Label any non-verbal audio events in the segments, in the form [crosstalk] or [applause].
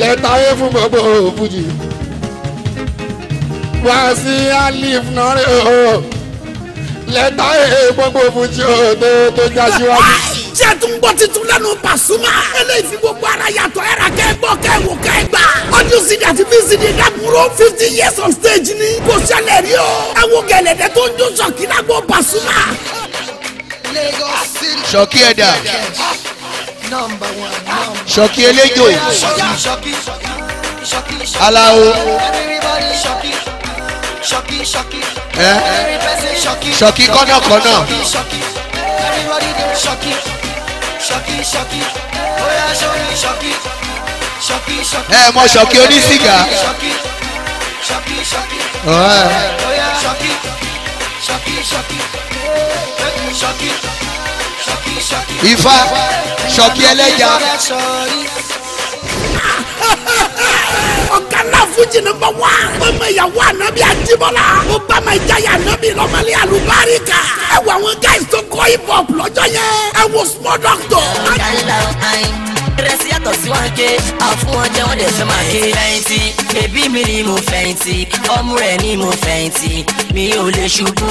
lẹ́tà ayé fún gbogbo òfújì wá sí alif nọ́rẹ́ o lẹ́tà ayé gbogbo òfújì o tó tó já síwájú. Ah, ṣé ẹ tún gbọ́ titun lẹ́nu Pasuma. eléyìí fi gbogbo ara yàtọ̀ ẹ̀rà kẹ́gbọ́ kẹ́wò kẹ́gbà. ọdún sídìí àti bí sídìí dàbúrò fifty years on stage ni kò ṣẹlẹ̀ rí o. ẹ wo gẹ̀lẹ́dẹ́ tó ń jó ṣọ̀kí lágbo Pasuma. Lagos City. ṣọ̀kí ẹ̀dá ṣọ́kí eléjò aláwo ẹ ṣọ́kí kọ́nàkọ́nà ẹ mọ ṣọ́kí onísìgá ọ̀hẹ́. Ifa, ṣọ̀kí ẹlẹ́ja. ọ̀gá náà fújì nọmba wá. ọmọ ìyàwó ànábì àjíbọ́lá. ó bá ma ìjáyà ànábì lọ́mọlẹ́ àlùbáríkà. ẹ wo àwọn guys tó kọ́ hip-hop lọ́jọ́ yẹn. ẹ wo small doctor. ọ̀gá ìlà ọ̀hán rẹsí yàtọ̀ sí wọn ké àfún wọn jẹ wọn dẹ̀ fẹ́ máa ké. fẹ̀yìntì ẹbí mi ni mo fẹ̀yìntì ọmú rẹ̀ ni mo fẹ̀yìntì mi ò lè ṣubú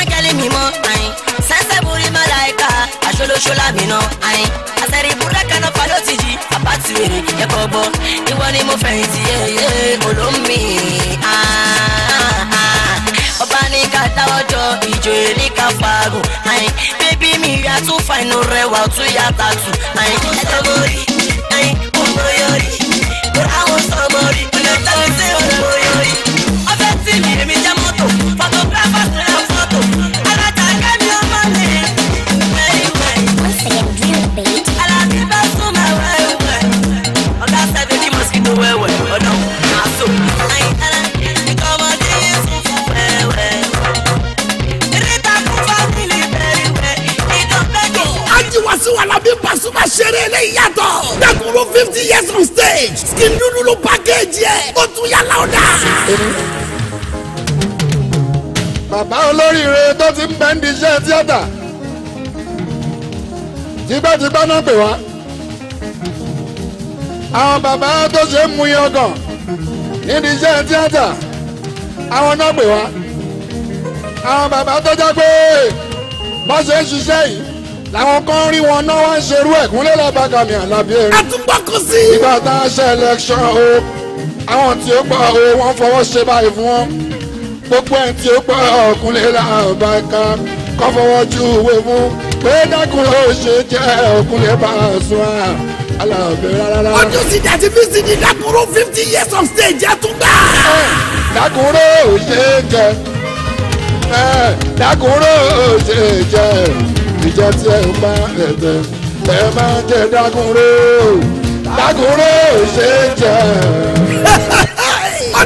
áńgẹ́lì mímọ́ àyìn sẹ́nsẹ́ burú màláìka aṣolóṣo lámìnà àyìn àtẹ̀rí búrẹ́kẹ́ náà fà lóti jí bàbá ti wèrè ẹ̀kọ́ gbọ́ ìwọ ni mo fẹ̀yìntì yẹ́yẹ́ olómi ọba ní ká dáwọ́ jọ ìjòyè ní ká farò bébí mi yà tún rẹwà tún yà tà tù àyìn package skin dúdú ló package yẹ ó tún yàrá ọ̀dà. bàbá olóríire tó ti ń bẹ ń di iṣẹ́ tíátà tipẹ́tipẹ́ náà pè wá àwọn bàbá tó ṣe ń mu iye ọgàn nídìí iṣẹ́ tíátà àwọn náà pè wá àwọn bàbá tó jẹ́ pé bọ́sẹ̀ ń ṣiṣẹ́ yìí làwọn kan rí wọn náà wá ń ṣerú ẹ̀kúnlẹ̀ lábàgàmì àlàbí ẹ̀rín. àtúbọ̀ kù sí. ìgbà tá a ṣe election o àwọn tí ó pa o wọ́n fọwọ́ ṣe báyìí fún wọn gbogbo ẹ̀ tí ó pa ọ̀kúnlẹ̀ làbàgà kọ́ fọwọ́ ju ìwé fún pé dákun ó ṣe jẹ́ ọ̀kúnlẹ̀ bá a sùn à alábẹ́ rárá. ọdún sí dàtí fífi ní dákúrò fifty years of stage àtúgbà. dákúrò ò ṣe jẹ dákúrò ò ṣe jẹ ìjọ tí ẹ ń bá ẹ̀tẹ̀ ẹ máa jẹ dágúnró dágúnró ṣe jẹ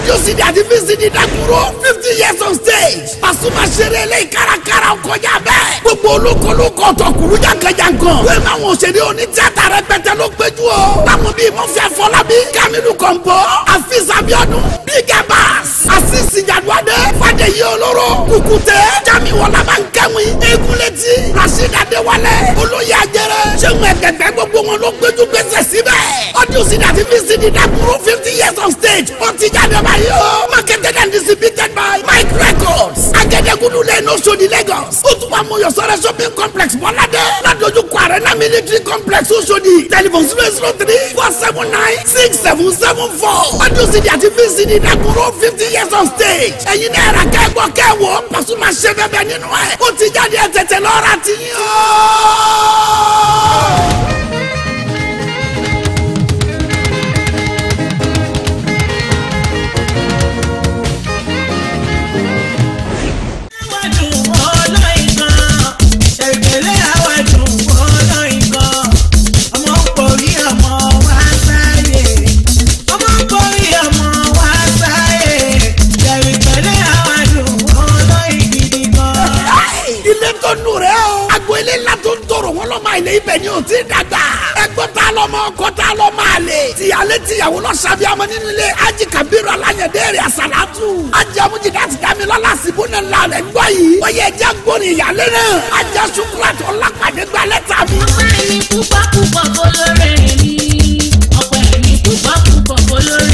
audio cd àti vcd dàkúrò fifty years on stage Pasuma ṣeré eléyìí kárakára kọjá bẹ́ẹ̀ gbogbo olókolókọ ọ̀tọ̀kùlú jankan-jankan wẹ́n máa wọn òṣèré onítìátà rẹpẹtẹ ló péjú o táwọn bíi mọ́fẹ́ fọlábí kamilu kọ̀ǹpọ̀ afis abiodun bíi gabas asisi jaduade fadeyi olóró kukute jami wọlábà nkẹwìn egunleti rasheed adewale olóyè ajẹrẹ sẹ́wọ̀n ẹ̀gbẹ̀gbẹ̀ gbogbo wọn ló péjú gbèsè síbẹ̀ ọdún sídàtí fi sídìí dàkúrò fifty years on stage ó ti jáde bá báyìí o. marketed and distributed by Mike Records. no lẹ́nu Oṣodi Lagos. O tún wà mú Yosore shopping complex Bọ́ládé. Ládojúkọ Arena military complex o di. Telephone zero zero three four seven nine six seven seven four. Audio CD àti VCD dàkúrò fifty years on stage. Eyi náà rà kẹ́gbọ́ kẹ́wọ́. Pàṣùmá ṣe bẹ́bẹ̀ nínú ẹ̀. O ti jáde ẹ̀ tẹ̀tẹ̀ lọ́ra ti yín o. ọmọ kọta lọ máa lè. tìyàlé tìyàwó lọ sàbí ọmọ nínú ilé ají kabiru alányẹdẹrẹ asalatu. ajé amújí láti dámi lọ́la síbú ní ńlá rẹ̀ yìí. wọ́n yẹ ẹja gbóni ìyàlẹ́ náà. ajá sukura tó lápàdé gbalẹ̀ tàbí. ọpẹ́ ẹni púpọ̀ púpọ̀ kó lóore ni ọpẹ́ ẹni púpọ̀ púpọ̀ kó lóore.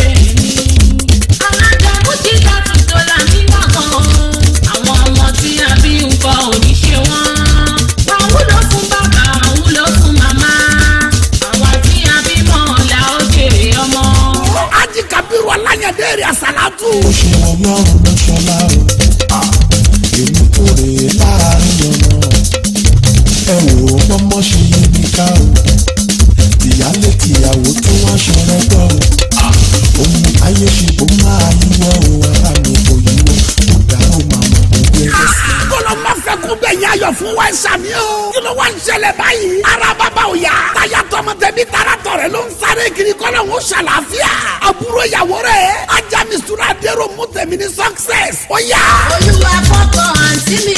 ó ṣe ọlọ́run ló ṣọlá o èmi tó rè é láàrin ọ̀nà ẹ wò ó pọ́nmọ́ ṣe yé mi ká o ìyálé tìyàwó tó wá ṣọ̀rọ̀ gbọ́ o òun ayé ṣe kó máa yíwọ́ o ara mi kò yíwọ́ kó dá o máa mọ̀ e. ah, kó gbé ẹgbẹ́ sí. kọ́lọ́ máa fẹ́ kó bẹ́ẹ̀ yín ayọ̀ fún wa ẹ̀ṣá. kiri kọ́lọ̀ ń ṣàlàáfíà àbúrò ìyàwó rẹ̀ ajá mistura dèrò mú tẹ̀mí ní success ó àǹtí mi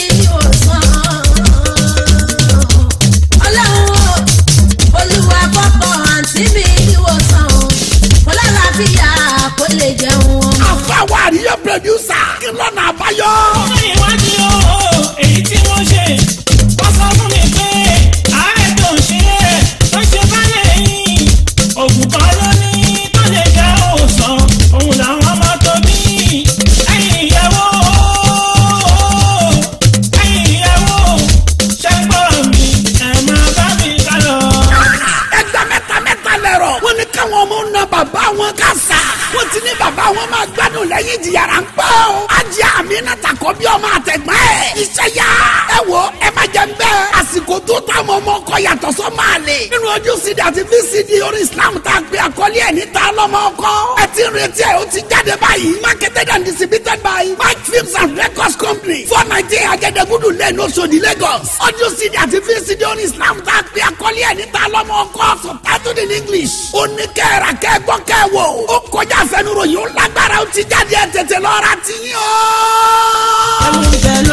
CD àti VCD orí Islam tá a gbé àkọlé ẹ̀ níta lọ́mọ ọkọ. ẹ ti retí ẹ o ti jáde báyìí. marketed and distributed by Mike Films and Records Company four nineteen Ajẹ́dẹ́gúdú lẹ́nu Oṣòdì Lagos. audio CD àti VCD orí Islam tá a gbé àkọlé ẹ̀ níta lọ́mọ ọkọ subtitled in English. ó ní kẹ́ẹ̀rà kẹ́ẹ̀gbọ́ kẹ́ẹ̀wò. ó kọjá àfẹnuròyìn ó lágbára ó ti jáde ẹ̀ tètè lọ́ra tiyín o. ẹ mú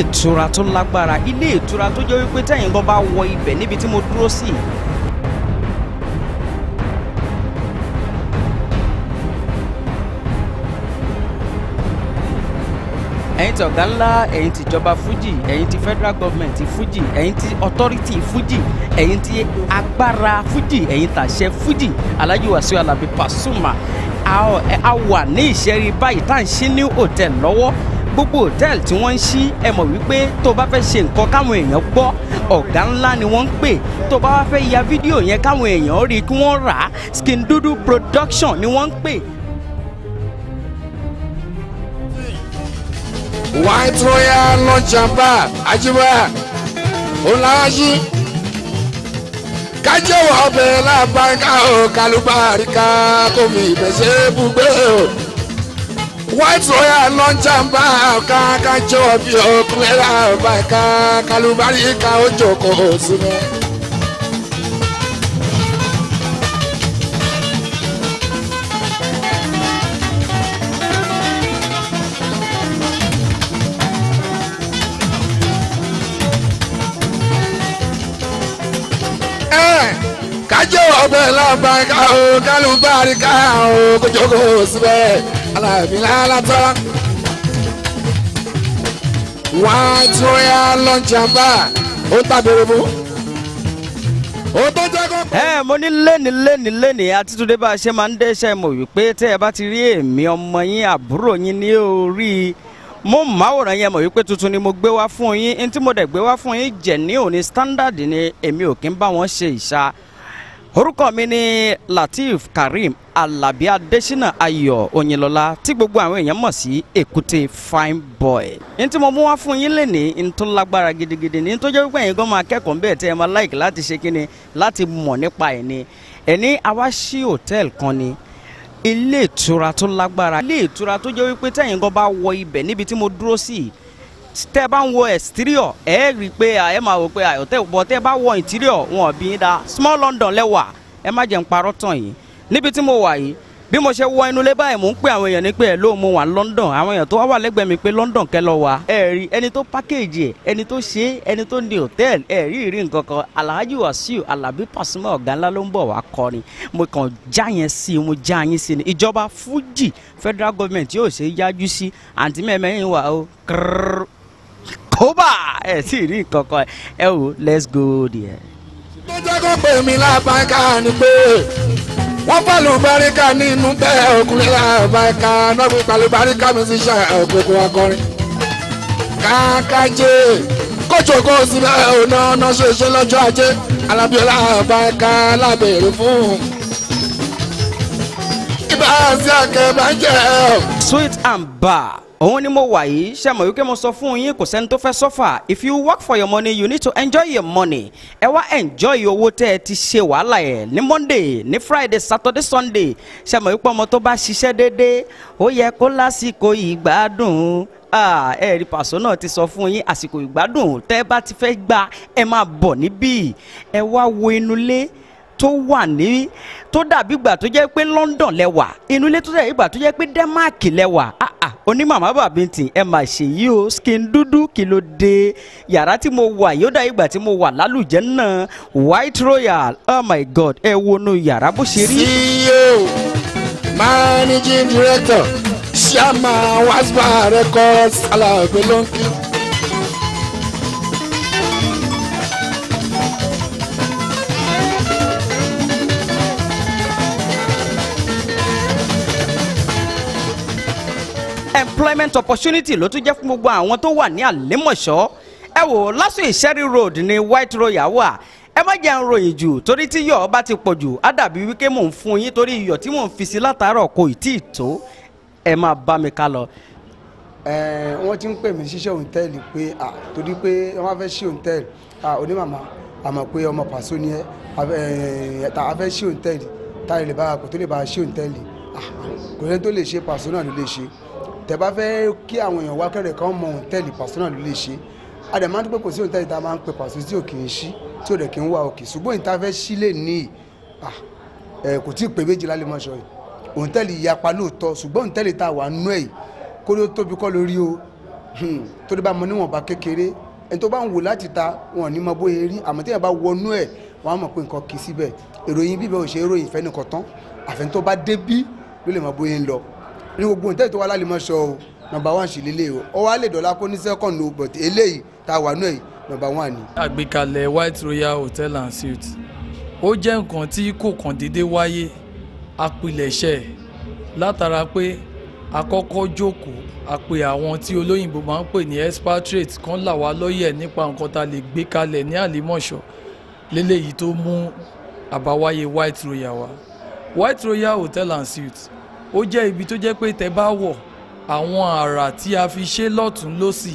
ìtura tó lágbára ilé ìtura tó jẹ́ wípé tẹ̀yin gan bá wọ ibẹ̀ níbi tí mo dúró sí ẹ̀yin ti ọ̀gá ńlá ẹ̀yin ti ìjọba fuji ẹ̀yin ti federal government fuji ẹ̀yin ti authority fuji ẹ̀yin ti agbára fuji ẹ̀yin tàṣẹ fuji Alhaji Wasiu Alabi Pasuma a wà ní ìṣẹ́rí báyìí tá à ń ṣe ní hòtẹ́ẹ̀lì lọ́wọ́ gbogbo hòtẹ́ẹ̀lì tí wọ́n ń ṣí ẹ mọ̀ wípé tó bá fẹ́ ṣe nǹkan káwọn èèyàn gbọ́ ọ̀gá ńlá ni wọ́n ń pè tó bá wá fẹ́ ya fídíò yẹn káwọn èèyàn rí i kí wọ́n rà á Skin Doodle Production ni wọ́n ń pè. White Royal lọ́jàmbá àjíbá ọ̀làwájú kájẹ́wọ̀ ọbẹ̀ làbáńká ò kálùbáríkà kò fi ìbẹ̀ṣẹ̀ bùgbé o white royal lọ́njàmbá kankan jọ bí ọkùnrin àbá kankalubari ká ó jókòó sílẹ̀. kájọ ọbẹ̀ lọ́ba ká o kálukú bá rí ká o jókòó sílẹ̀ aláìfi lálátọ́lá. wá tí ó yá lọ́ọ̀jì àmbá ó tàbẹ̀rẹ̀ mú. ó tó jẹ́ kó. ẹ mo ní lẹ́ni lẹ́ni lẹ́ni àtitúndé bá a ṣe máa ń dẹ́ṣẹ́ mọ̀ wípé tẹ́ ẹ bá ti rí èmi ọmọ yín àbúrò yín ní orí mo máwòrán yẹn mọ̀ wípé tuntun ni mo gbé wá fún yín ntí mo dẹ̀ gbé wá fún yín jẹ̀ ní òní standard ni èmi ò kí ń bá wọn ṣe ìṣá orúkọ mi ni Lateef Kareem Alabi Adesina Ayọ̀ Oyinlọlá tí gbogbo àwọn èèyàn mọ̀ sí Èkúté Fine Boy. n tí mo mú wá fún yín lénìí n tó lágbára gidigidi ní tó jẹ́ wípé ẹ̀yin gan máa kẹ́kọ̀ọ́ bẹ́ẹ̀ tẹ́ ẹ máa láìkì láti ṣe kíni láti mọ̀ nípa ẹ̀ ni ẹ̀ ní àwa ṣí hòtẹ́ẹ̀lì kan ni ilé ìtura tó lágbára ilé ìtura tó jẹ́ wípé tẹ́yin gan bá wọ ibẹ̀ níbi tí mo dúró sí yìí tẹ́ bá ń wo exterior ẹ rí i pé ẹ máa wò pé àyọ̀tẹ́ bọ̀ tẹ́ bá wọ interior wọn ò bí yín da small London lẹ́wà ẹ má jẹ́ ń parọ́ tàn yín níbi tí mo wà yìí bí mo ṣe wọ inú ilé báyìí mò ń pè àwọn èèyàn ní pé ẹ ló mo wà London àwọn èèyàn tó wá wà lẹ́gbẹ̀ẹ́ mi pé London kẹ́ lọ wá ẹ rí ẹni tó pákéèjì ẹ ẹni tó ṣe é ẹni tó ní hòtẹ́ẹ̀lì ẹ rí ìrí nǹkan Alhaji Wasiu Alabi Pasuma ọ̀gá ńlá ló ń bọ̀ wá kọrin mo kàn já yẹn sí mo já yín sí i ìjọba Fuji federal government yóò ṣe é yájú sí àǹtí mẹ́mẹ́yìn wà ó kírrrr àkóbá ẹ sì rí nǹkan kan ẹ wò let's go there. tó jẹ́ kó pè mí lábàáká ni pé wọ́n pẹ̀lú báríkà nínú bẹ́ẹ̀ ọkùnrin lábàáká náà pẹ̀lú báríkà mi sí ṣe òkùnkùn akọrin. kákájé kóòtù kó o sì bẹ́ẹ̀ ò náà náà lọ́jọ́ ajé alábíọ́lá àbáká lábẹ́rẹ́ fún un sweet and bar òun ni mo wà yìí ṣe mọ̀ wípé mo sọ fún yín kò sẹ́ni tó fẹ́ sọ́fà if you work for your money you need to enjoy your money ẹ wá enjoy owó tẹ́ ẹ ti ṣe wàhálà ẹ̀ ní monday ní friday saturday sunday ṣe mọ̀ wípé ọmọ tó bá ṣiṣẹ́ déédéé ó yẹ kó lásìkò ìgbádùn ẹ̀rí pàṣọ náà ti sọ fún yín àsìkò ìgbádùn tẹ́ ẹ bá ti fẹ́ gbà ẹ máa bọ̀ níbí ẹ wá wo inú ilé tó wà ní tó dàbí ìgbà tó jẹ́ pé London lẹ́wà inú ilé tó dàbí ìgbà tó jẹ́ pé Denmark lẹ́wà onímàmá bàbíntì ẹ mà ṣe yí o skin dúdú kí ló dé yàrá tí mo wà yóò dá ìgbà tí mo wà lálùjẹ́ náà white royal oh my god ẹ wọnú yàrá bó ṣe rí. CEO managing director ṣàmà wasba records alábẹ́lọ́nkì. employment opportunity ló tún jẹ́ fún gbogbo àwọn tó wà ní àlémọ̀ṣọ́ ẹ wò lásù ìṣẹ́rí road ní white royal wà ẹ má jẹ́ ń ròyìn jù torí tí yọ̀ bá ti pọ̀ jù á dàbí wípé mò ń fún yín torí iyọ̀ tí mò ń fi sí látàárọ̀ kò ì tí ì tó ẹ máa bá mi ká lọ. ẹ wọ́n ti ń pè mí ṣiṣẹ́ òǹtẹ́ẹ̀lì pé à torí pé wọ́n bá fẹ́ ṣí òǹtẹ́ẹ̀lì à onímàmá àmọ̀ pé ọmọ pàṣọ ni ẹ tá a ṣí òǹtẹ́ẹ̀lì tá a bá kò tó lè bá ṣí òǹtẹ́ẹ̀lì à kò lẹ́ni tó lè ṣe pàṣọ náà ló lè ṣe tẹ́ bá fẹ́ kí àwọn èèyàn wá kẹ́rẹ̀ẹ́ kan mọ òǹtẹ́ẹ̀lì Pàsó náà ló lè ṣe àdàmọ́ àti pé kò sí òǹtẹ́ẹ̀lì tá a máa ń pe Pàsó tí ò kì í ṣí tí ò dẹ̀ kì í wá òkè ṣùgbọ́n ìta fẹ́ ṣí lè ní ẹ̀ kò tí ì pé méjì lálẹ́ mọ́ṣọ́ yìí òǹtẹ́ẹ̀lì yapa lóòótọ́ ṣùgbọ́n òǹtẹ́ẹ̀lì tá a wà nú ẹ̀ kó ló tóbi kọ́ lórí o hmm, tó dé bá mọ níwọ̀nba kékeré ẹni tó bá ń wò láti ta wọn ní mọ bóyá rí àmọ́ tí yẹn bá wọnú ẹ̀ wọn á mọ̀ pé nǹkan kì í síbẹ̀ èròyìn bíbẹ̀ ò ìfẹ́ nìkan tán àfẹ́ntó bá débí ló lè mọ bóyá ń lọ ní gbogbo ìtẹ́jú tó wá lálẹ́ mọ́ṣọ́ o nọmba one sì lélẹ̀ ọ wá lè dọ̀la kó ní second o but eléyìí tá a wà náà yìí nọmba one ni. àgbékalẹ̀ white royal hotel and suites ó jẹ́ nǹkan tí kò kàn déédé wáyé apilẹ̀ṣẹ̀ látara pé àkọ́kọ́ jókòó a pe àwọn tí olóyìnbó máa ń pè ní expatriate kan là wá lọ́yẹ̀ nípa nǹkan tá a lè gbé kalẹ̀ ní àlìmọ̀ṣọ́ lélẹ́yìí tó mú àbáwáyé white royal wá white royal hotel and suites ó jẹ́ ibi tó jẹ́ pé tẹ́ bá wọ̀ àwọn àrà tí a fi ṣe lọ́tún lọ́sì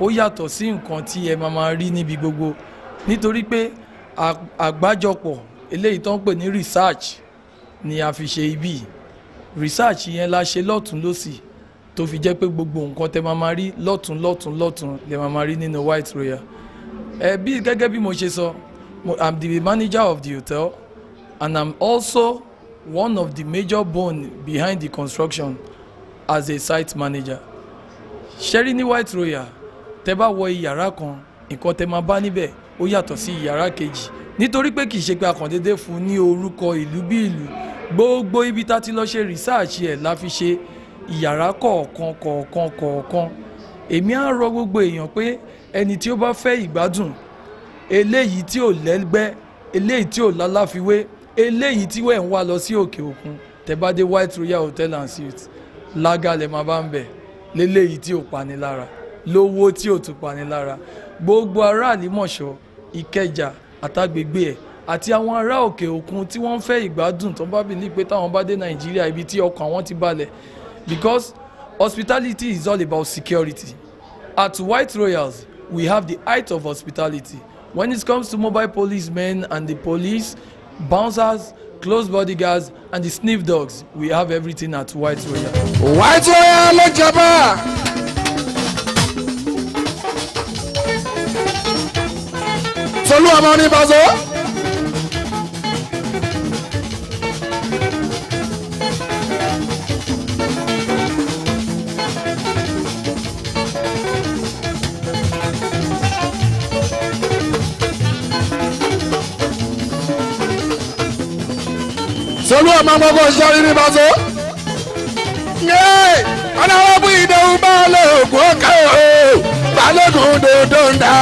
ó yàtọ̀ sí nǹkan tí ẹ máa máa rí níbi gbogbo nítorí pé àgbájọpọ̀ eléyìí tó ń pè ní research ni a fi ṣe ibi research yẹn la ṣe lọ́tún lọ́sì tó fi jẹ́ pé gbogbo nǹkan tẹ́ máa máa rí lọ́tún lọ́tún lọ́tún lẹ́ máa máa rí nínú White Royal ẹ bí gẹ́gẹ́ bí mo ṣe sọ I'm the manager of the hotel and I'm also one of the major bone behind the construction as a site manager. Sherry ní White Royal tẹ́ bá wọ iyàrá kan nǹkan tẹ́ máa bá níbẹ̀ ó yàtọ̀ sí iyàrá kejì nítorí pé kì í ṣe pé akàndédé fún ní orúkọ ìlú bí ìlú gbogbo ibi tá ti lọ ṣe rìsáàṣì ẹ̀ la fi ṣe ìyàrá kọ̀ọ̀kan kọ̀ọ̀kan kọ̀ọ̀kan èmi á rọ gbogbo èèyàn pé ẹni tí ó bá fẹ́ ìgbádùn eléyìí tí ò lẹ́gbẹ́ eléyìí tí ò láláfiwé eléyìí tí wẹ́ẹ̀ ń wá lọ sí òkè òkun tẹ́bádé white royal hotel and suites lága lè máa bá ń bẹ̀ léléyìí tí ò pani lára lówó tí ò tún pani lára gbogbo ará àlímọ̀ṣọ́ ìkẹjà àtàgbègbè ẹ̀ àti àwọn ará òkè òkun tí wọ́n ń fẹ́ ìgbádùn tó bá bìlí pé táwọn bá dé nàìjíríà ibi tí ọkàn àwọn ti balẹ̀ because hospitality is all about security at white royals we have the height of hospitality when it comes to mobile policemen and the police bouncers, close bodyguards, and the sniff dogs. We have everything at White Royal. White Royal Lojaba! Tolu Amani Bazo. sọlú ọmọ ọmọkọ ṣiṣẹ́ rírí bá so. ọlọ́wọ́bù ìdòwú bá lóògùn ọ̀kà o balógun dòdò ń da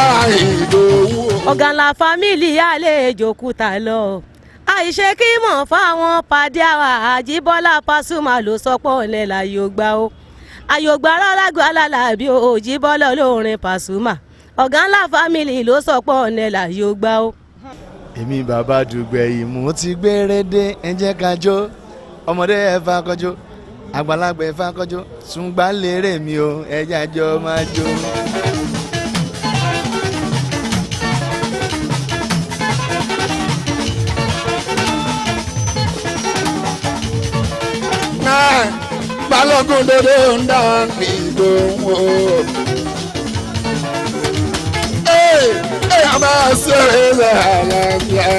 ìdòwú. ọ̀gànlá fámìlì àlejò kúta lọ àìṣe kí mọ̀ fáwọn pàdé àwà àjíbọ́lá pásùmà ló sọpọ̀ ọ̀lẹ́ láyò o. àyògbà alágbà alálàbí òjíbọ́lá olórin pàṣùmà ọ̀gá ńlá fámìlì ló sọpọ̀ ọ̀nẹ́là yóò gbà èmi bàbá dùgbẹ̀yìn mú ti gbére dé ẹ jẹ́ ká jó ọmọdé ẹ fa kọjó àgbàlagbà ẹ fa kọjó ṣùgbọ́n lérè mi o ẹ àjọ máa jó. balógun dodo ń dá gbìndó wò. sọ̀rọ̀ àlàáfíà.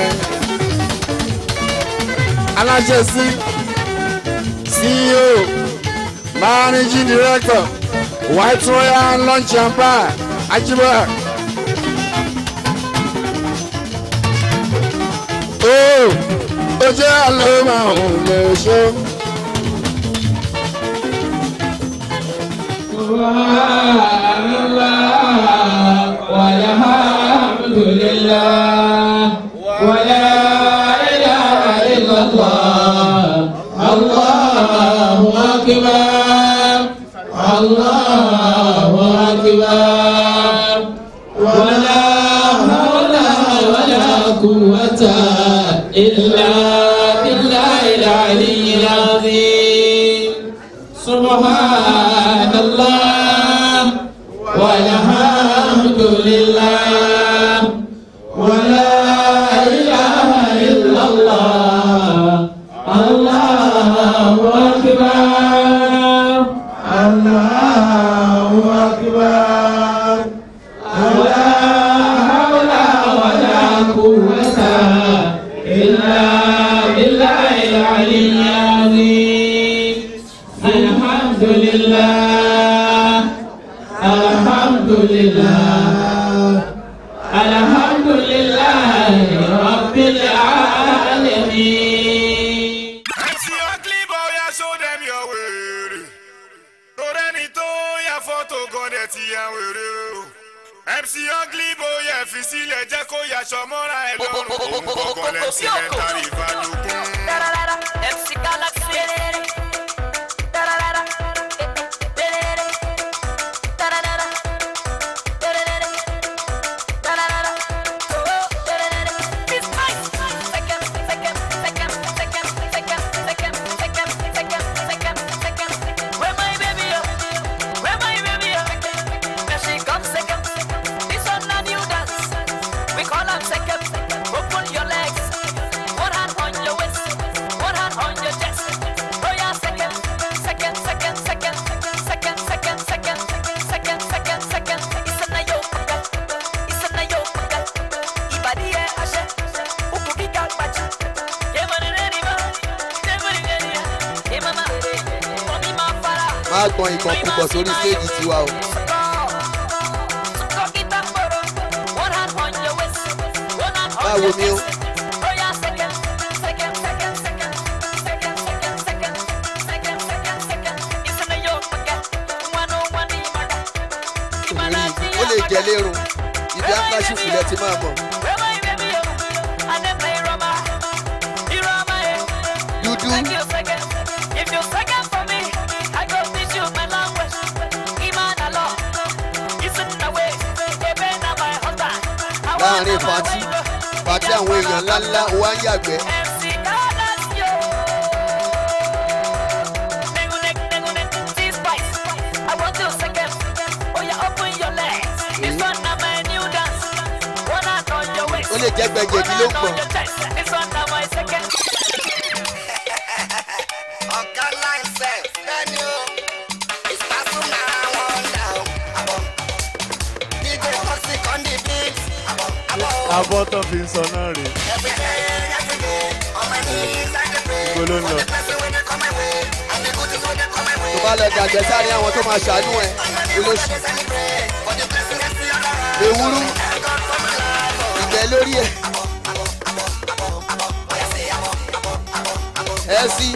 aláṣẹ sí ceo managing director white royal lunch and bar ajiba. Oh, ó jẹ́ àlọ́ máa ń lè ṣe. Wa ala wa ya الحمد لله ولا إله إلا الله الله أكبر الله أكبر ولا حول ولا قوة إلا بالله العلي العظيم سبحان الله والحمد لله má gbọ́n ìkan púpọ̀ sórí stéèjì tiwa o. báwo ni o. ó lè jẹ́ lérò ìdí ákáṣífù lẹ ti máa mọ̀. ṣe pàtí pàtí àwọn èèyàn ńláńlá wá ń yàgbẹ́. ó lè jẹ́ gbẹ̀jẹ̀dì ló ń pọ̀. abọ́ tó fi ń sọ náà rè. ìgbòho ń lọ. tó bá lọ jàjẹ sáré àwọn tó máa ṣàánú ẹ olóṣù. ewúrú ìgbẹ́ lórí ẹ̀. ẹ sí.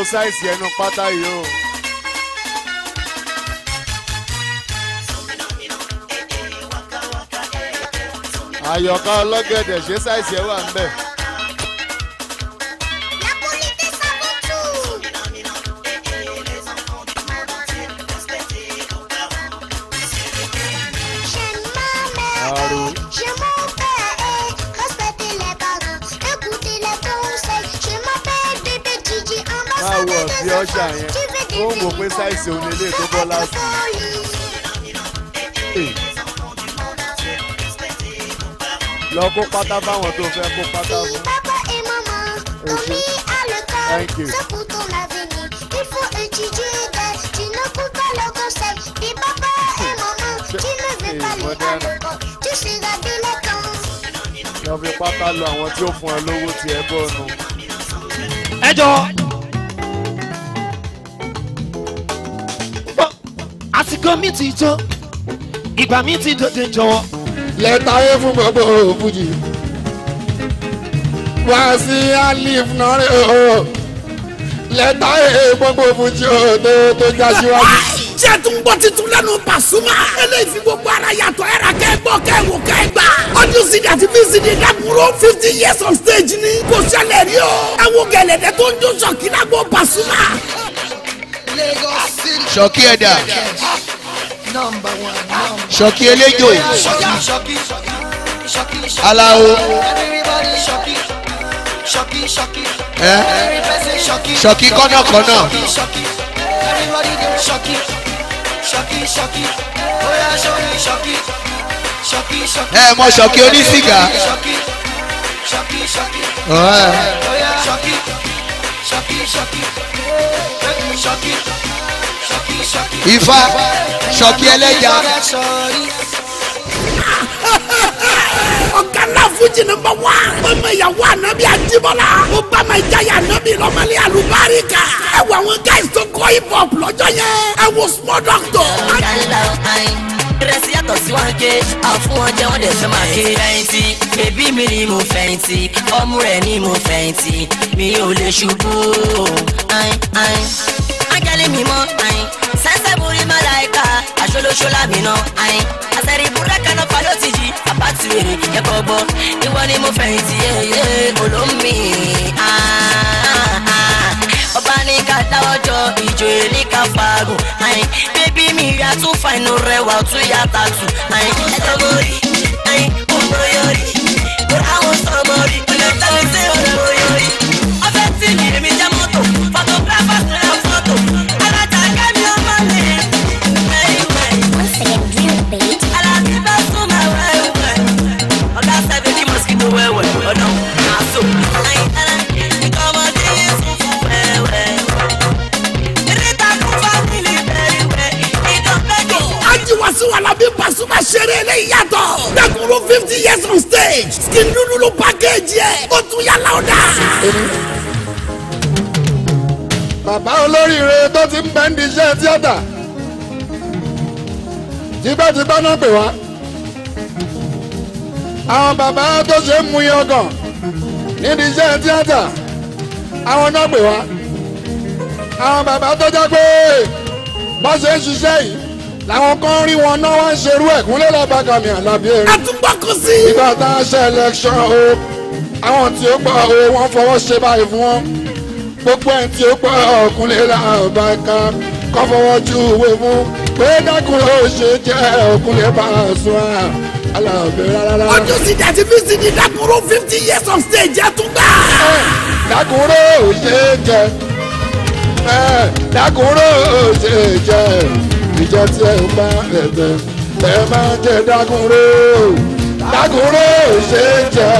wo sáìsì ẹnu pátá yìí o. àyọ̀ká ọlọ́gẹ̀dẹ̀ ṣé sáìsì ẹ wà ń bẹ̀. di ọjà yẹn ó ń wò pé ṣáìsì òun ilé tó bọ́ láti. lọ kó pátá fáwọn tó fẹ́ kó pátá fún. Thank you. [laughs] lọ fi pátá lọ àwọn tí ó fún ẹ lówó tí ẹ ẹ jọ ijó mi ti jó ìgbà mi ti dòde jọ̀wọ́. lẹ́tà ayé fún gbogbo òfújì wá sí alif nọ́ọ̀rẹ́ o lẹ́tà ayé gbogbo òfújì o tó tó já síwájú. ṣé tún gbọ́ titun lẹ́nu Pasuma eléyìí fi gbogbo ara yàtọ̀ ẹ̀rà kẹ́gbọ́ kẹ́wò kẹ́gbà ọdún sídìí àti bísídìí dàgbúrò fifty years on stage ni kò ṣẹlẹ̀ rí o ẹ wo gẹ̀lẹ́dẹ́ tó ń jó ṣọ̀kí lágbo Pasuma. Lagos City. ṣọ̀kí ẹ̀dá ṣọ̀kì eléjò aláwo ṣọ̀kì kọ́nàkọ́nà ẹ mọ ṣọ̀kì onísìgá ṣọ̀kì ṣọ̀kì ṣọ̀kì ṣọ̀kì ifá ṣọ̀kí ẹlẹ́jà. ọ̀gá náà fújì nọmba wá. ọmọ ìyàwó ànábì àjíbọ́lá. ó bá ma ìjáyà ànábì lọ́mọlẹ́ àlùbáríkà. ẹ wo àwọn guys tó kọ́ hip hop lọ́jọ́ yẹn. ẹ wo small doctor. Ìrẹsì yàtọ̀ sí wọn ké, àfún wọn jẹ́ wọ́n dẹ̀ fẹ́ máa ké. Fẹ̀yìntì, bèbí mi ni mo fẹ̀yìntì, ọmú rẹ̀ ni mo fẹ̀yìntì, mi ò lè ṣubú ángẹ́lì mímọ́ ayin sẹ́nsẹ́ buri màláìka aṣolóṣolá mìíràn ayin àṣẹrí búrẹ́kẹ́ náà faló ti jí àbátì rèrè ẹ̀kọ́ bọ́ ìwọ ni mo fẹ̀yìntì yéyé olómi ah, ah, ah. ọba ní ká dáwọ́jọ́ ìjòyè ní ká fagùn ayin bébí mi ìyá tún fa inú rẹwà tún yàtà tù ayin ẹ̀tọ́ bórí ayin kò mọ́ yọrí. Pasuma ṣeré eléyìí yàtọ̀. Dàkúrú fifty years on stage. Skin dúdú ló pàkéjì ẹ̀. tún yà láwùdà. Bàbá olóríire tó ti ń bẹ ń di tíátà. Tibẹ́tibẹ́ náà pè wá. Àwọn bàbá tó ṣe ń mu iye ọgàn nídìí iṣẹ́ tíátà. Àwọn náà pè wá. Àwọn bàbá tó jẹ́ pé bá ṣe ń ṣiṣẹ́ yìí làwọn kan rí wọn náà wá ń ṣerú ẹ̀kúnlẹ̀ lábàkàmì àlàbí erin. àtúgbọ́kù sí. nígbà tá a ṣe election o àwọn tí ó gbọ́ o wọ́n fọwọ́ ṣe báyìí fún wọn gbogbo ẹ̀ tí ó gbọ́ ọ̀kúnlẹ̀ làbàkà kọ́ fọwọ́ ju ìwé fún pé dákun ló ṣe jẹ́ ọ̀kúnlẹ̀ bá a sùn à alábẹ́ rárá. ọjọ́ sí dàtí fífi ní dákúrò fifty years of stage àtúgbà. dákúrò ṣe jẹ dákúrò ṣe jẹ ìjọ tí ẹ bá ẹ̀tẹ̀ ẹ máa jẹ dágúnró dágúnró ṣe jẹ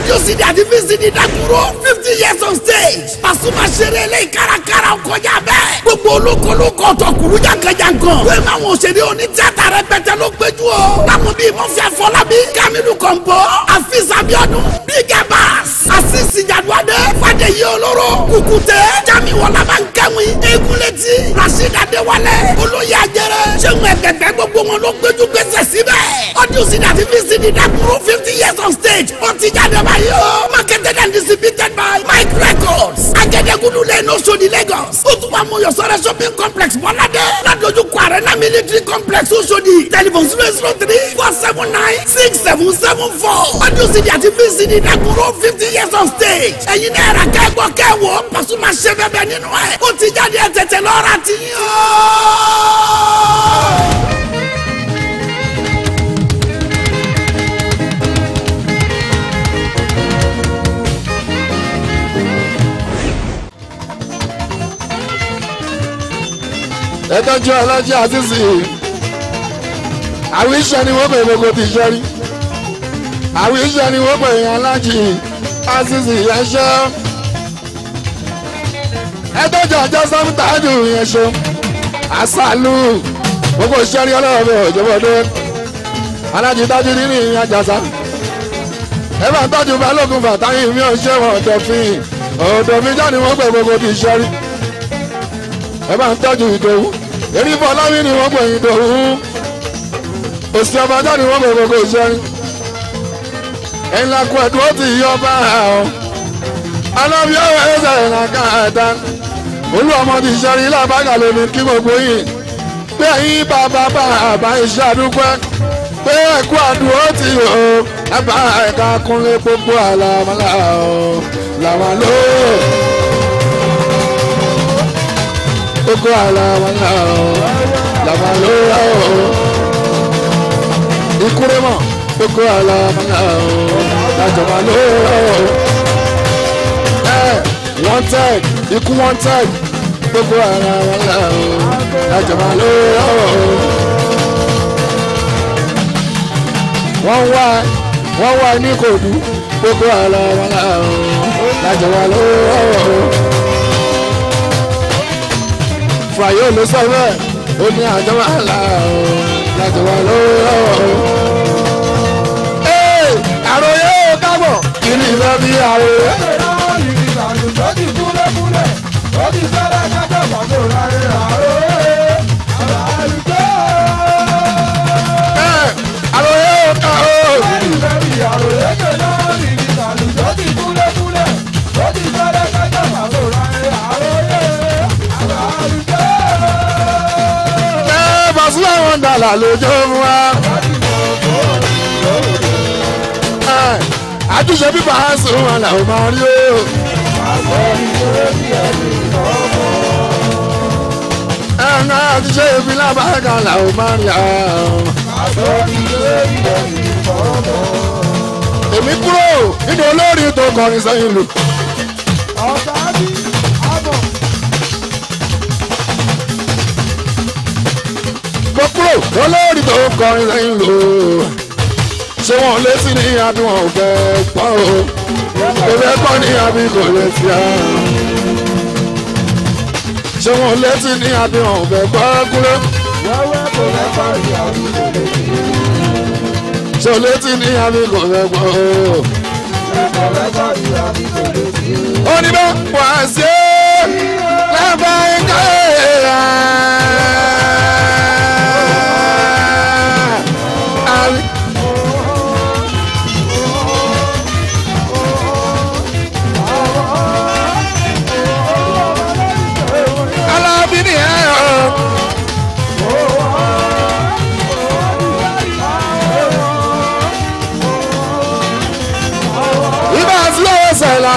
audio cd àti vcd dákúrò fifty years on stage Pasuma ṣeré eléyìí kárakára kọjá bẹ́ẹ̀ gbogbo olókolókọ ọ̀tọ̀kùnrin jankanjankan wẹ́n máa wọn òṣèré oní tíátà rẹpẹtẹ ló péjú o láwọn bíi mọ́fíà fọlábí kamilu kọ̀ǹpọ̀ àfíìsì abiodun bigabas àṣìṣì jàdúwádé fàdéyé olóró kùkùté jami wọlá bá ń kẹwìn egunlétí rasheed adéwálé olóyè ajẹrẹ sẹ́wọ̀n ẹ̀gbẹ̀gbẹ̀ gbogbo wọn ló péjú gbèsè síbẹ̀ ọdún sídàtí fi sídìí dàkúrò fifty years on stage ó ti jáde láyé marketed and distributed by mike records. ajẹdẹkulu lẹ́yìn ní Oṣòdì Lagos. o tún wà mọ̀yọ̀sọ́rẹ́ shopping complex bọ́ládé. ládojúkọ arena military complex Oṣòdì. telephone zero zero three four seven nine six seven seven four. audio CD àti VCD dàgbòrò fifty years of stage. ẹ̀yin náà rà kẹ́gbọ́ kẹ́wọ́ Pasuma ṣe bẹ́ẹ̀ bẹ́ẹ̀ nínú ẹ̀. ó ti jáde ẹ̀ tẹ̀tẹ̀ lọ́ra tiyín ẹ tọ́jú ọlọ́jọ́ àṣìṣe àwọn iṣẹ́ ni wọ́n pè gbogbo ti ṣẹ́ rí àwọn iṣẹ́ ni wọ́n pè alájì àṣìṣe ẹṣẹ́ ẹ tọ́jú ọjọ́ sọ́mùtà ẹ̀dùn yẹn ṣe àṣàlù gbogbo iṣẹ́ rí ọlọ́run mi ò jọ̀bọ̀ dé alájì dájú nínú ìyẹn àjàṣà ẹ bá tọ́jú balógun bàtáyé mi ò ṣe wọ́n ọ̀dọ̀ fi ọ̀dọ̀ mi jáde wọ́n pè gbogbo ti ṣẹ́ rí ẹ bá ń tọ́jú ìdòwú erí fọláwí ni wọ́n pè ìdòwú òsì ọba dá ni wọ́n pè gbogbo ìṣẹ́yìn ẹ̀ńlákú ẹ̀dùn ó ti yí ọba ọ̀ alábíọ́wọ́ ẹ̀ṣẹ̀ ìlànà àdá olú ọmọ ti ṣẹ́rí lábàgà lónìí kí gbogbo yìí pé ẹ̀yin bàbá bàbá iṣẹ́ àdúgbò pé ẹ̀kú àdúró ti o lábàá ẹ̀ka kúnlé gbogbo àlàmọ́lá ọ̀ làwọn lóò kókó ara wọn yà ó làwọn ló yà ó. ìkúrẹ́mọ̀ kókó ara wọn yà ó làjọba ló yà ẹ wọ́n tẹ̀ ikú wọ́n tẹ̀ kókó ara wọn yà ó làjọba ló yà wọ́n wá wọ́n wá ní kòdú kókó ara wọn yà ó làjọba ló yà Fàyè ló sọ bẹ́ẹ̀ ó ní àjọ máa là ó láti wà lówó lọ́wọ́. ee àròyé o kábọ̀ kí ni ìfẹ́ bí àròyé. ó ti kúlẹ̀ kúlẹ̀ ó ti sọ́dọ̀ kájọ̀ pàtó láyé àròyé ọ̀rọ̀ àlùkò. ee àròyé o ká o. ó ti bí àròyé kẹ́lẹ́. fúláwọn dàlà lójó fún wa. àtúnṣe bíbá sùn wọn làwọn máa rí o. àtúnṣe lábàákan làwọn máa rí o. èmi kúrò nínú tó kọrin sẹ́yìn tó kúrò wọ́n lórí tó kọrin sẹ́yìn lò ó ṣé wọ́n lé sí ní adùn ọ̀fẹ́ pọ́ o kò lè ní àbí kò lè sí á. ṣé wọ́n lé sí ní adùn ọ̀fẹ́ pọ́ kúrò. ṣé wọ́n lé sí ní àbí kò lè pọ́ o. kò lè pọ́ sí á. ó ní bá wàá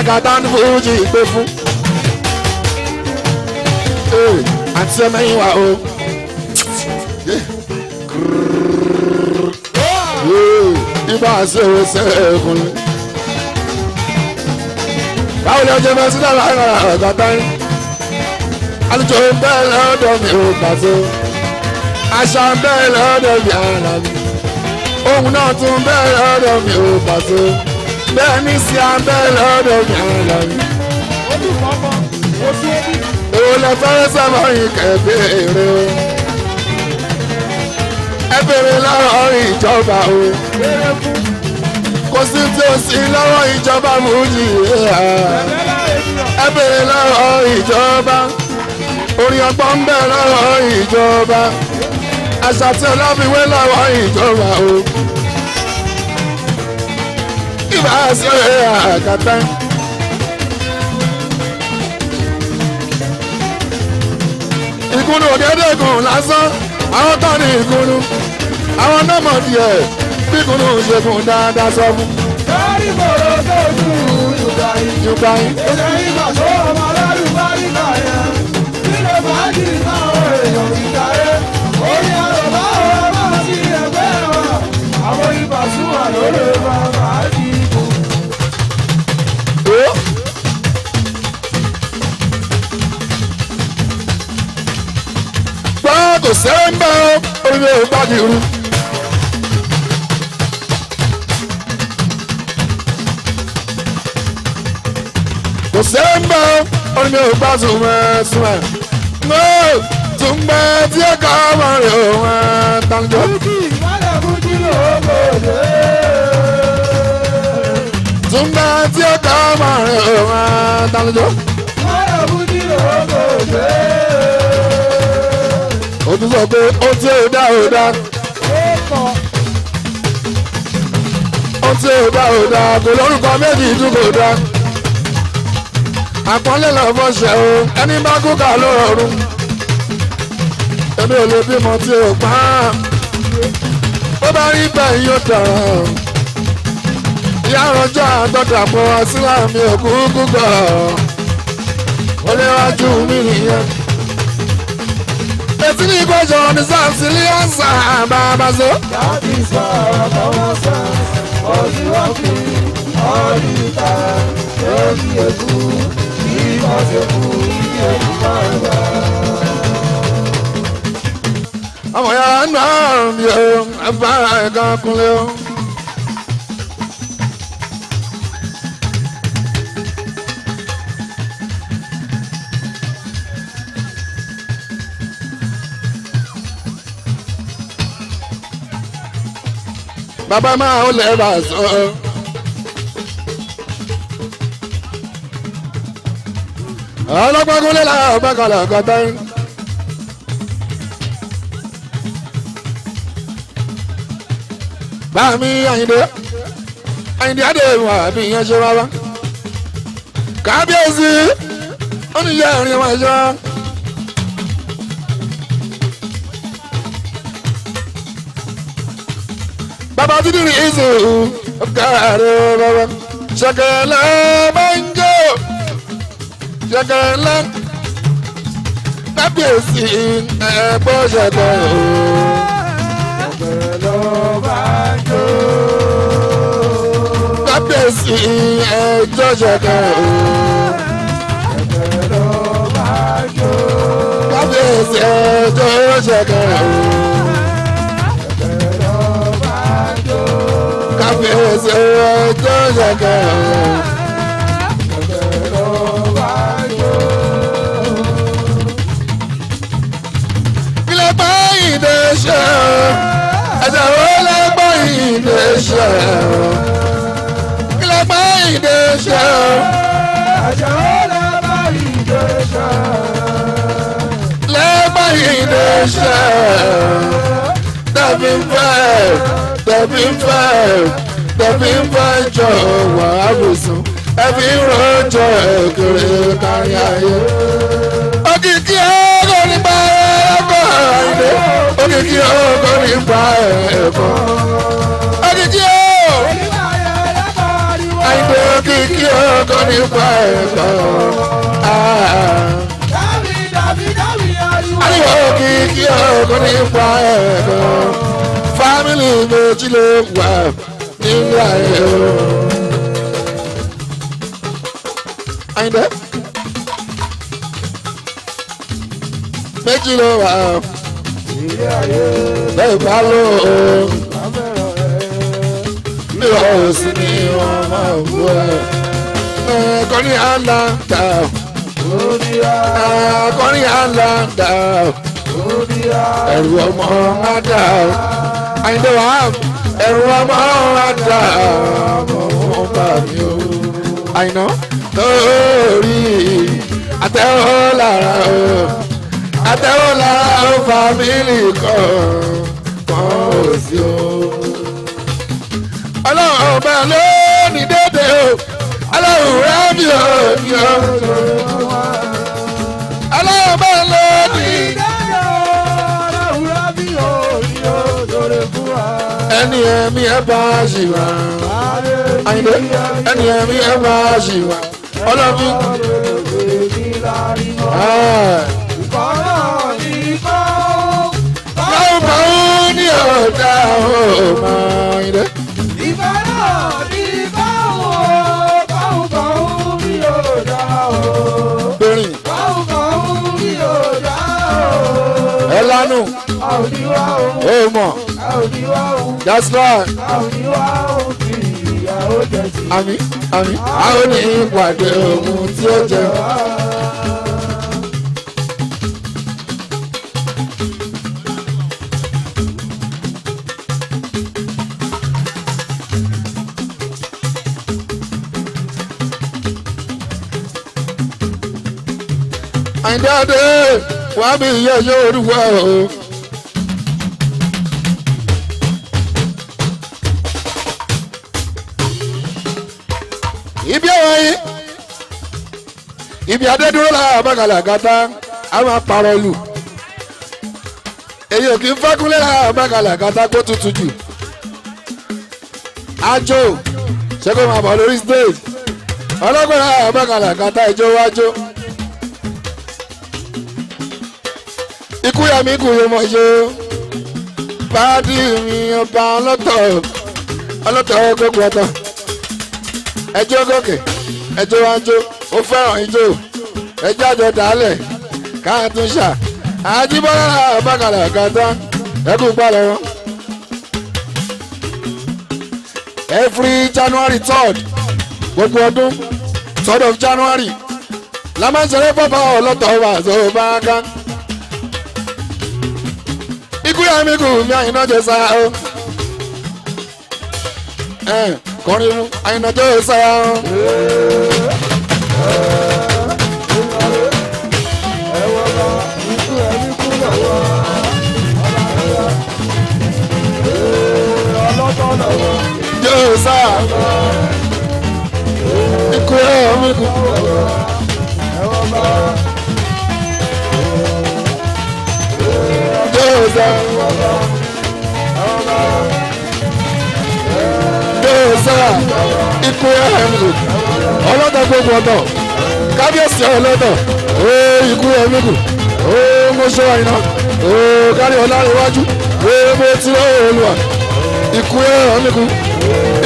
àgàtà ní fújì gbé fún. àti sẹ́mẹ́yìn wa o. ibà ṣòro sẹ́ẹ̀kùn. báwo ni ọjọ́ bá sílẹ̀ lára àgàtà yín. àlùjọ bẹ́ẹ̀ lọ́dọ̀ mi ò gbàgbé. àṣà bẹ́ẹ̀ lọ́dọ̀ mi àrà mi. ohun náà tún bẹ́ẹ̀ lọ́dọ̀ mi ò gbàgbé bẹ́ẹ̀ni sí abẹ́rẹ́ ọ̀dọ̀ gbẹ̀rẹ̀ mi. èwo lẹ fẹ́rẹ́ sábà yìí kẹ̀bẹ̀rẹ̀ o. ẹ bèrè lọ́rọ̀ ìjọba o. kò sí tí o sí lọ́rọ̀ ìjọba mú jì ẹ bèrè lọ́rọ̀ ìjọba orí ọgbọ́n ń bẹ lọ́rọ̀ ìjọba àṣà tí ọlọ́fiwé lọ́rọ̀ ìjọba o basore akata. ìkúnnù òdẹ́dẹ́gùn lásán àwọn tó ní ìkúnnù àwọn náà mọ̀ bí ìkúnnù ṣègùn dáadáa sọ fún. kárí bọ̀rọ̀ tó ju yorùbá yìí. yorùbá tó ọmọ lárúbá nígbà yẹn nílò bá dì í èèyàn ìgbà yẹn orí àròbá ọ̀rọ̀ bá ti ẹgbẹ́ wọn àwọn ibà súnmọ́ lórí wọn. sẹ́rẹ̀ ń bá orílẹ̀ èdè báyìí rú. kò sẹ́rẹ̀ ń bá orílẹ̀ èdè báyìí rú mẹ́sùmẹ́. no túnbẹ́ tí ẹ ká ọmọ rẹ̀ wọ́n tàǹjọ́. túnbẹ́ tí ẹ ká ọmọ rẹ̀ wọ́n tàǹjọ́. tún sọ pé ó tí ò dá ò dá. ó tí ò dá ò dá kò lórúkọ méjì tún kò dá. àpọ́nlé lọ fọṣẹ̀ o ẹni bá kú kà ló rọrùn. èmi ò lè bímọ tí ò pa á. ó bá rí bẹ́ẹ̀ yóò tàn. ìyá àròjọ àgbọ̀dọ̀ àpò àsìlámì òkú gúgọ̀. ó léwájú mi nìyẹn is Petini gojo mizamsi lianza babazo Kabisa kawasa Oji wapi Olita Ebi ebu Iba sebu Ebu I'm Àwọn yàrá ń bá mi ò, ẹ bá ẹ̀gán kúnlé o. bàbá ma ó lè rà sọ. ọlọ́gbọ́n kúnlẹ̀ làwọn ọgbẹ́ kan lọ́kọ́ tán. báàmí àyìndé àyìndé àdéhùn àbí ìyẹn ṣe wá wá kábíyèsí ó ní yẹ ẹ̀rín wọn ṣe wá. bàbá tún dìrì ìzù kàrẹ́ bàbá ṣẹ̀kẹ̀lẹ̀ bẹ́ńjọ ṣẹ̀kẹ̀lẹ̀ kábíyèsí ẹ̀gbọ́n ṣẹ̀kẹ̀ o. ṣẹ̀kẹ̀lẹ̀ bẹ́ńjọ kábíyèsí ẹ̀jọ́ ṣẹ̀kẹ̀ o. ṣẹ̀kẹ̀lẹ̀ bẹ́ńjọ kábíyèsí ẹ̀jọ́ ṣẹ̀kẹ̀ o. ẹjọ́ ṣẹ̀kẹ̀rẹ̀ ṣẹ̀kẹ̀rẹ̀ ló bá jó. kílẹ̀ pé ìdẹ́ṣẹ̀ ẹ̀ṣẹ̀ wo lè pé ìdẹ́ṣẹ̀ kílẹ̀ pé ìdẹ́ṣẹ̀ ẹ̀ṣẹ̀ wo lè pé ìdẹ́ṣẹ̀ lè pé ìdẹ́ṣẹ̀ dàbí fẹ́ dàbí fẹ́ tẹ̀fí ń fẹ́jọ́ wàhálùsùn ẹ̀fí ń rọ́jọ́ èkèrè kárí ayé. òkìkí ọgọ́ nípa ẹ̀kọ́ àìlè òkìkí ọgọ́ nípa ẹ̀kọ́. òkìkí ọgọ́ àìlè òkìkí ọgọ́ nípa ẹ̀kọ́. Ariwo ah. òkìkí ọgọ́ nípa ẹ̀kọ́. Fámìlì méjì ló wà nínú ayé o. Àyìndé. Méjì ló wà ó. Bẹ́ẹ̀ bá lò ó. Mi ò sí ní wọn máa wú ẹ. Akọrin àlá dà ó. Akọrin àlá dà ó. Ẹ̀rù ọmọ má dà ó. Àyìndé wà á ẹ̀rù ọmọ ọ̀dà ọmọ bá mi o. àìná torí àtẹ̀wọ́ lára o àtẹ̀wọ́ lára o fàmílì kan kan ò sí o. ọlọ́run ọba lónìí dédé o ọlọ́run rẹ́ mi ò ní ọ̀tún. ọlọ́run ọba lónìí. ẹni ẹ̀mí ẹ bá ṣì wá. Àyìnbó ẹni ẹ̀mí ẹ bá ṣì wá. Ọlọ́mí. Báwo báwo ni ọ̀dà ò máa ń ò mọ̀. that's right. àmì àmì a ò ní ìpàdé ohun tí ó jẹ. àìdáde wàá bí ìyá yóò rú wa ibi adédúró la a máa parọ́ lù èyí ò kí ń fákúnlé lára àbágalàgàdá kó tutù jù ajo ṣẹ́gun máa bọ̀ lórí stage ọlọ́gbọ̀n lára àbágalàgàdá ìjó wájú. ikú kù mọ̀ ṣe ọba ọlọ́tọ̀ ọlọ́tọ̀ ẹjọ́ gòkè ẹjọ́ ó fẹ́ràn ijó ẹ jáde dálẹ̀ káà tún àjíbọ́lá àbákalà kàtá ẹ kú wọn. every january third gbogbo ọdún third of january la máa ń ṣeré bàbá ọlọ́tọ̀ wà tó bá ká. ikú yà mí kù mí àyìnbá jẹ sáà o. kọrin àyìnbá jẹ sáà o. Rosa. Ikú ẹ̀ ọmọ ikú. Rosa. Rosa. Ikú ẹ̀ ọmọ ikú. Ọlọ́dọ̀ gbogbo ọ̀dọ̀. Kábíyèsí ọlọ́dọ̀. Ee ikú ẹ̀ ọmọ ikú. Ee mo ṣọ́ àyìnà. Ee kárí ọ̀la rẹ̀ wájú. Ee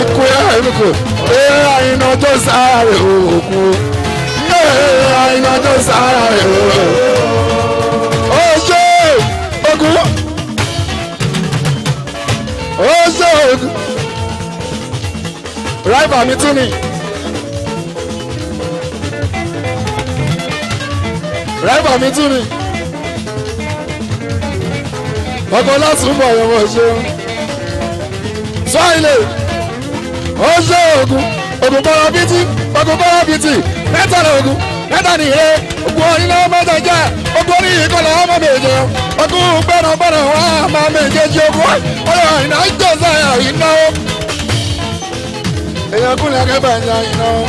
ikú ẹ̀rùkù ee àyìnà tó sára rẹ̀ òkú ee àyìnà tó sára rẹ̀ òkú. ogun oṣù ogun ráìbà mi tún ni. rẹ́bà mi tún ni ọkọ̀ láti ń bọ̀ ọ̀yọ̀wọ̀ ṣeun sọ ilé ó ṣe ogun ogun bọ́rọ̀ bìtì ogun bọ́rọ̀ bìtì mẹ́ta ni ogun mẹ́ta ni ìhe ogun orin náà mẹ́ta jẹ́ ogun orin yìí kọ́ lọ́wọ́ máa méje ogun gbẹ̀rọ̀gbẹ̀rọ̀ wá máa méje jí ogun ọ̀rọ̀ ìná jọ sáyà ìnáwó. èèyàn kúnlẹ̀ kẹ́bà ń yan ìnáwó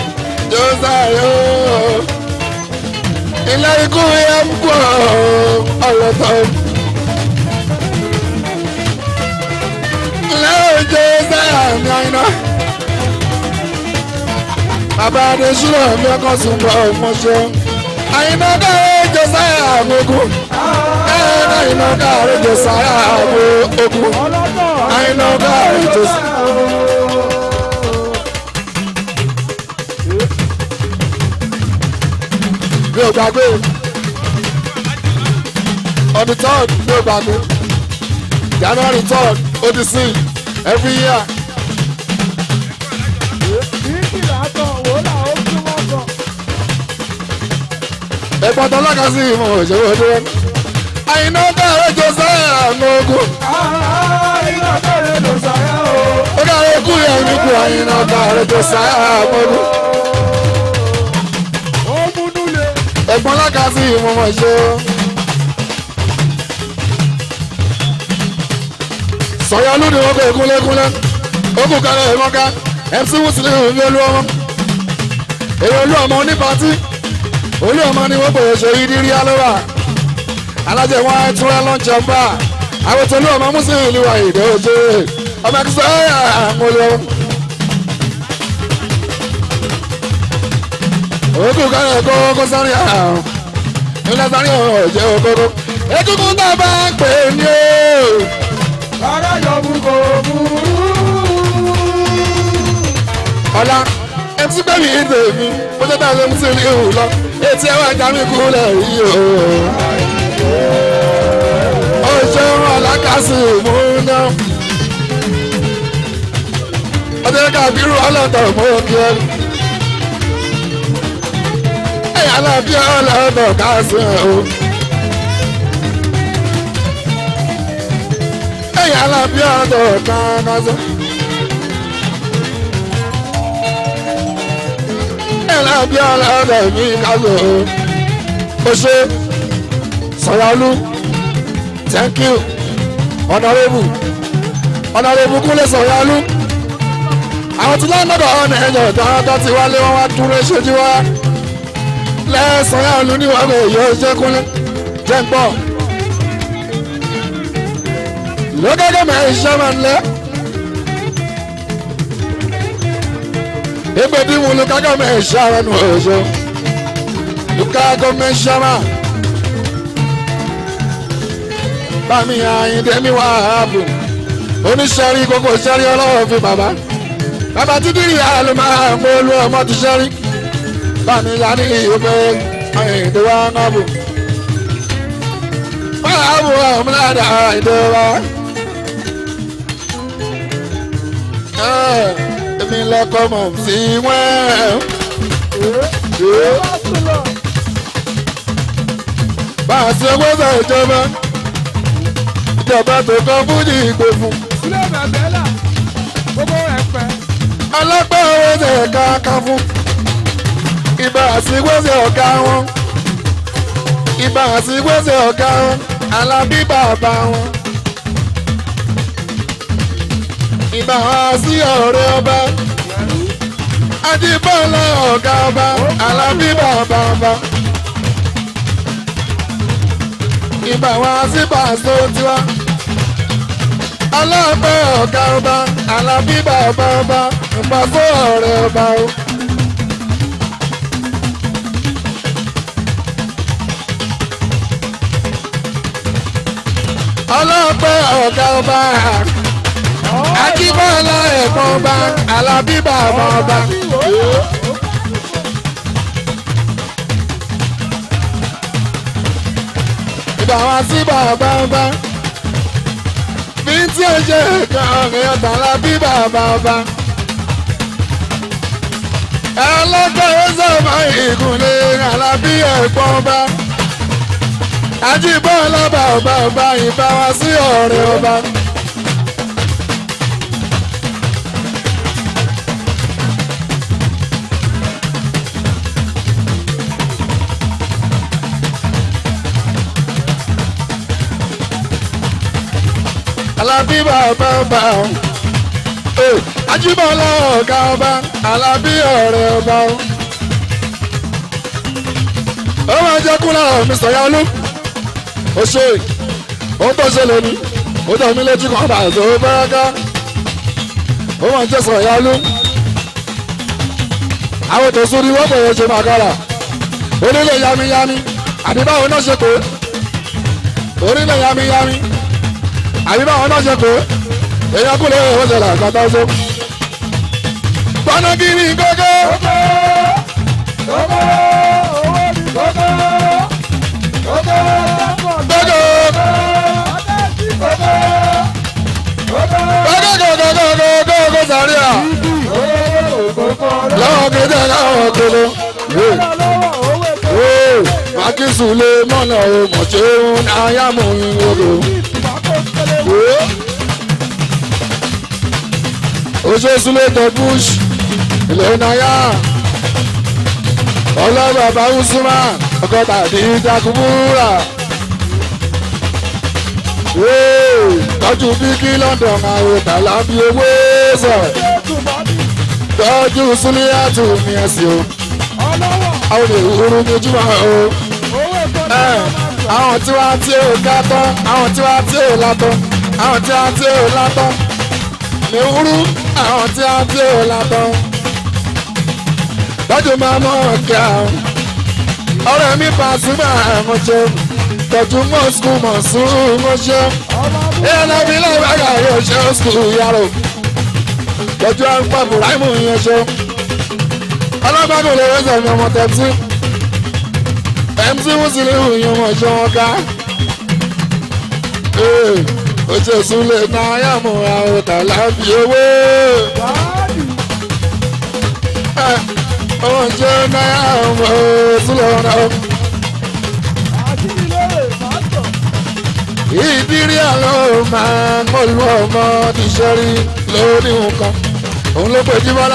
jọ sáyà ooo ilé ikú yẹn ń pọ̀ ọ̀lọ́tọ̀. lẹ́yìn jẹ́ sáyà ìnáwó bàbá adésúná mi ọkọ sùn bọ òmùṣẹ àyìnbá káre josiah àgbógún ẹnà àyìnbá káre josiah àgbógún àyìnbá káre josiah. mi ò gbàgbé on the third mi ò gbàgbé January third odisi every year. ẹ̀gbọ́n tó lọ́kà sí ìmọ̀ òṣèré dúró. àyìnà bẹ̀rẹ̀ josiah anogun. àyìnà bẹ̀rẹ̀ josiah o. ó dára ikú yẹn ní kú àyìnà bẹ̀rẹ̀ josiah anogun. ó múnú lé. ẹ̀gbọ́n lọ́kà sí ìmọ̀ òṣèré. sọ̀yà lóde wọn kò kúnlẹ̀kúnlẹ̀ ó kù kálẹ̀ ìmọ̀ká mc wusili ìlú olú ọmọ èrè olú ọmọ onípatí olú ọmọ ni wọ́n gbòòrò ṣe yídí rí alọ́wà alájẹ wọn ẹtúrẹ́ ló ń jẹun bá àwọn tó olú ọmọ mùsùlùmí ìlú wa ìdè òjò ọmọ ẹkùsọ ẹyà àmúlò. òkú káyọ̀ ẹ̀kọ́ kó sáré àrùn ilé sáré ọ̀jẹ̀ òkòrò egungun tó bá pè ní o. ọ̀rọ̀ yọ̀ mú kò mú. ọ̀la. MC Baby ìdè mi mo jẹ́ dáhùn MC ní ìhù lọ etí ẹ̀ wá jámi kúlẹ̀ yìí o. ó ṣe wọn lákàsí ìmúná. ọjọ́ kábírù ọlọ́dọ̀ mú kí ẹ. ẹ̀yà alábí ọlọ́dọ̀ kásán o. ẹ̀yà alábí ọlọ́dọ̀ kásán. ẹ̀rọ bí ọ̀rọ̀ rẹ̀ ní kálò ó ṣe sọ̀rọ̀lú thank you honorable honorable kúnlẹ̀ sọ̀rọ̀lú àwọn tí lọ́nàdọ̀ ọ̀nà ẹ̀yọ̀ dáadáa ti wálé wọn wá dúró ṣojú wá lẹ́sọ̀rọ̀lú ní wọn kò yọ ṣe kúnlẹ̀ jẹ́ ń gbọ́ lókè kẹ́mẹ́ iṣẹ́ máa ń lẹ́. Ebedi mu luka gome shara no ozo. Luka gome shara. Bami ayin demi wa habu. Oníṣẹ́rí gbogbo ìṣẹ́rí ọlọ́run fi bàbá. Baba, títí rí àlè máa mú olú ọmọ ti ṣẹ́rí. Bami ya ní ìwé àyìndé wa nábù. Báyà wò ọmọláda àyìndé wa. Yeah èmi lọ́kọ́ mọ̀ sí wẹ́n. bá a ṣe wọ́sà ìjọba ìjọba tó kọ́ fújì ìgbè fún. sílẹ̀ bàbẹ́là gbogbo ẹ̀ pẹ́. ọlọ́pàá owó ṣe ẹ̀ka kan fún. ìbá àṣìwọ́sẹ̀ ọ̀gá wọn. ìbá àṣìwọ́sẹ̀ ọ̀gá wọn. alábí bàbá wọn. ìbá sí ọ̀rẹ́ ọba adébọ́lá ọ̀gá ọba alábí bàbá ọba ìbá sí pàṣẹ tiwa ọlọ́pẹ́ ọ̀gá ọba alábí bàbá ọba ìpàṣẹ ọ̀rẹ́ ọba o. ọlọ́pẹ́ ọ̀gá ọba akíbọ́lá ẹ̀gbọ́n bá alábíbà mọ́ bá. ìdàwọn àtibá bàbá ní tí ó jẹ́ ẹ̀ka ọ̀rẹ́ ọ̀tà alábíbà bàbá. ẹlọ́gbẹ́ ó sọ̀mọ́ ìgúnlẹ̀ alábí ẹ̀gbọ́n bá. akíbọ́lá bàbá bá ìbáwá sí ọ̀rẹ́ ọba. Alábí bàbá bá o. Ajíbọ́lá ọ̀gá ọba Alábí ọ̀rẹ́ ọba Ó máa jẹ́ kúrò Mr. Yalu. Ó ṣe ó tó ṣe lónìí. Ó dà mí lójú kan bàtà tó bá ká. Ó máa jẹ́ Mr. Yalu. Àwọn tó sún ní wọ́n pè é ṣe máa kára. Onílé yamiyami àbí báwo náà ṣe pé onílé yamiyami àbí báwọn náà ṣe pé èèyàn kú lóore ìwọ́n ṣẹlẹ̀ àgbà tó ṣe. pọnagiri gógó. gógó owó ni gógó gógó gógó gógó gógó gógó gógó sàríà. lọ́wọ́ kejì láwọn kele. Makisu le mọ̀nà o mọ̀ ṣe ń ayámu ìwòrò. oṣooṣùlẹ̀ ètò bush ìlẹ̀nàyà ọlọ́run bàbá usuma ọkọ tàbí takubura tọ́jú bíkí london àwòtà lábí owó sọ̀ tọ́jú súnìyàtù mi ẹ̀sìn o àwọn ìhòòrò ní ojúmọ́ o àwọn tí wàá tí ò ga tán àwọn tí wàá tí ò la tán àwọn tí wàá tí ò la tán ní àwọn tí a bí ò lábọ́n tọ́jú máa mọ̀ ọ̀gá ọ̀rẹ́ mi Pasuma mo ṣe tọ́jú mọ́sùkú mọ̀sùn mo ṣe ẹlẹ́bí lẹ́gbẹ̀rẹ̀ yóò ṣe sùkú yàrá tọ́jú àǹpá Buraimu yẹn ṣe ọlọ́gbàdùn lè rẹ́sẹ̀ mi ọmọ tẹ́tí MC Wusiliu yẹn mọ̀ ṣe wọn ká oṣù Sule náírà mú àwọn tàlà fi owó. Eh, oúnjẹ náírà mú Sule náà. ìdírí àlọ́ máa ń mọ̀lú ọmọ tíṣẹ́rí lórí nǹkan òun ló pè jí bọ́lá.